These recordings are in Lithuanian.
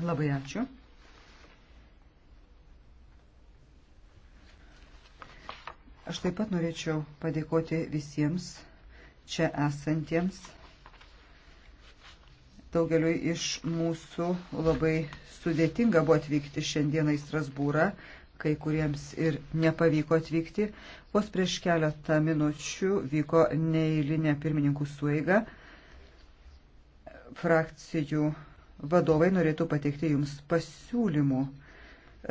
Labai ačiū. Aš taip pat norėčiau padėkoti visiems čia esantiems. Daugeliu iš mūsų labai sudėtinga buvo atvykti šiandieną į Strasbūrą, kai kuriems ir nepavyko atvykti. Vos prieš keletą minučių vyko neįlinė pirmininkų suiga. Frakcijų vadovai norėtų pateikti jums pasiūlymų.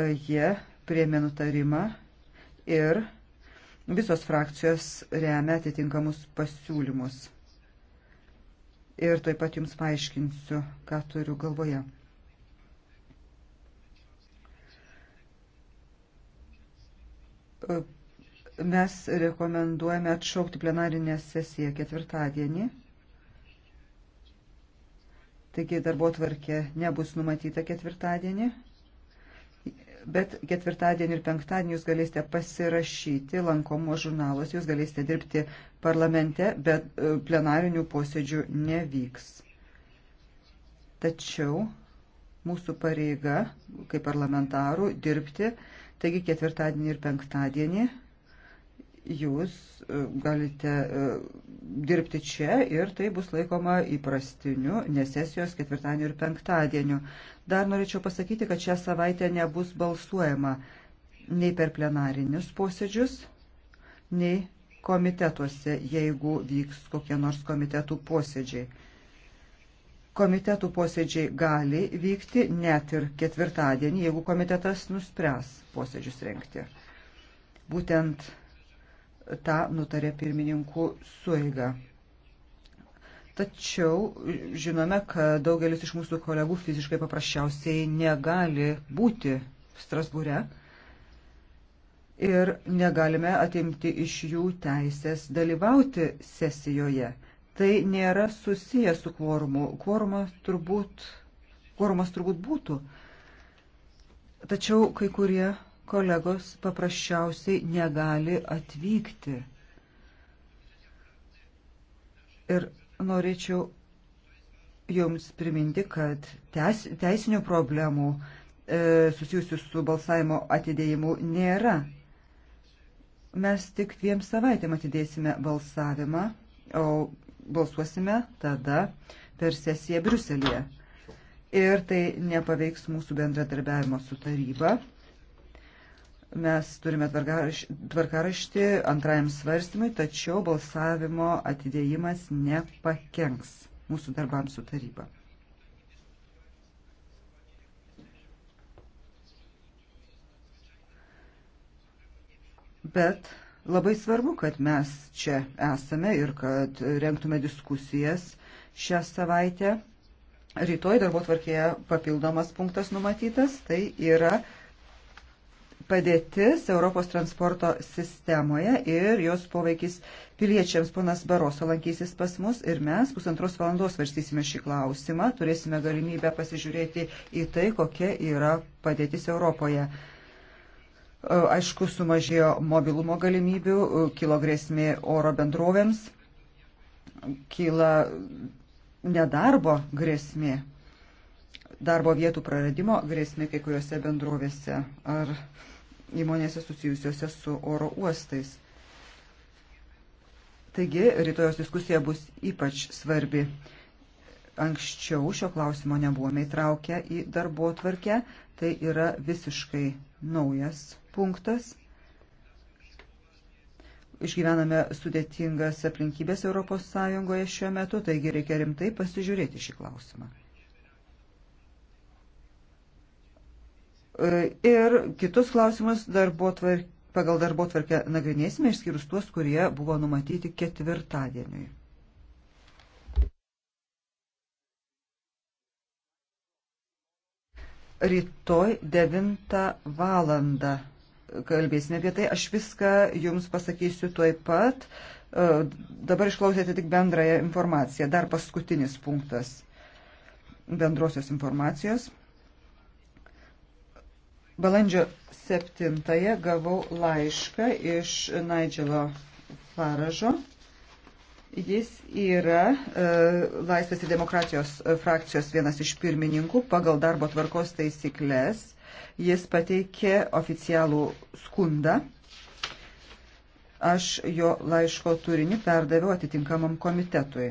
E, jie priemė nutarimą ir visos frakcijos remia atitinkamus pasiūlymus. Ir taip pat jums paaiškinsiu, ką turiu galvoje. E, mes rekomenduojame atšaukti plenarinę sesiją ketvirtadienį. Taigi darbo tvarkė nebus numatyta ketvirtadienį, bet ketvirtadienį ir penktadienį jūs galėsite pasirašyti lankomo žurnalas, jūs galėsite dirbti parlamente, bet e, plenarinių posėdžių nevyks. Tačiau mūsų pareiga, kaip parlamentarų, dirbti, taigi ketvirtadienį ir penktadienį jūs e, galite e, dirbti čia ir tai bus laikoma įprastiniu nesesijos ketvirtadieniu ir penktadieniu. Dar norėčiau pasakyti, kad šią savaitę nebus balsuojama nei per plenarinius posėdžius, nei komitetuose, jeigu vyks kokie nors komitetų posėdžiai. Komitetų posėdžiai gali vykti net ir ketvirtadienį, jeigu komitetas nuspręs posėdžius renkti. Būtent tą nutarė pirmininkų suiga. Tačiau žinome, kad daugelis iš mūsų kolegų fiziškai paprasčiausiai negali būti Strasbūre ir negalime atimti iš jų teisės dalyvauti sesijoje. Tai nėra susiję su kvorumu. Kvorumas turbūt, kvorumas turbūt būtų. Tačiau kai kurie kolegos paprasčiausiai negali atvykti. Ir norėčiau Jums priminti, kad teis, teisinių problemų e, susijusių su balsavimo atidėjimu nėra. Mes tik dviem savaitėm atidėsime balsavimą, o balsuosime tada per sesiją Bruselėje. Ir tai nepaveiks mūsų bendradarbiavimo su taryba. Mes turime tvarkaraštį antrajam svarstymui, tačiau balsavimo atidėjimas nepakenks mūsų darbams su taryba. Bet labai svarbu, kad mes čia esame ir kad renktume diskusijas šią savaitę. Rytoj darbo tvarkėje papildomas punktas numatytas, tai yra padėtis Europos transporto sistemoje ir jos poveikis piliečiams. Ponas Baroso lankysis pas mus ir mes pusantros valandos varstysime šį klausimą. Turėsime galimybę pasižiūrėti į tai, kokia yra padėtis Europoje. E, aišku, sumažėjo mobilumo galimybių, e, kilo grėsmė oro bendrovėms, kyla nedarbo grėsmė, darbo vietų praradimo grėsmė kai kuriuose bendrovėse ar įmonėse susijusiuose su oro uostais. Taigi, rytojos diskusija bus ypač svarbi. Anksčiau šio klausimo nebuvome įtraukę į darbo tvarkę, tai yra visiškai naujas punktas išgyvename sudėtingas aplinkybės ES šiuo metu, taigi reikia rimtai pasižiūrėti šį klausimą. ir kitus klausimus darbo tvark, pagal darbo tvarkę nagrinėsime, išskyrus tuos, kurie buvo numatyti ketvirtadieniui. Rytoj 9 valandą kalbėsime apie tai. Aš viską jums pasakysiu tuoj pat. E, dabar išklausėte tik bendrąją informaciją. Dar paskutinis punktas bendrosios informacijos. Balandžio 7 gavau laišką iš Naidželo Faražo. Jis yra e, Laisvės ir demokratijos e, frakcijos vienas iš pirmininkų pagal darbo tvarkos taisyklės. Jis pateikė oficialų skundą. Aš jo laiško turinį perdaviau atitinkamam komitetui.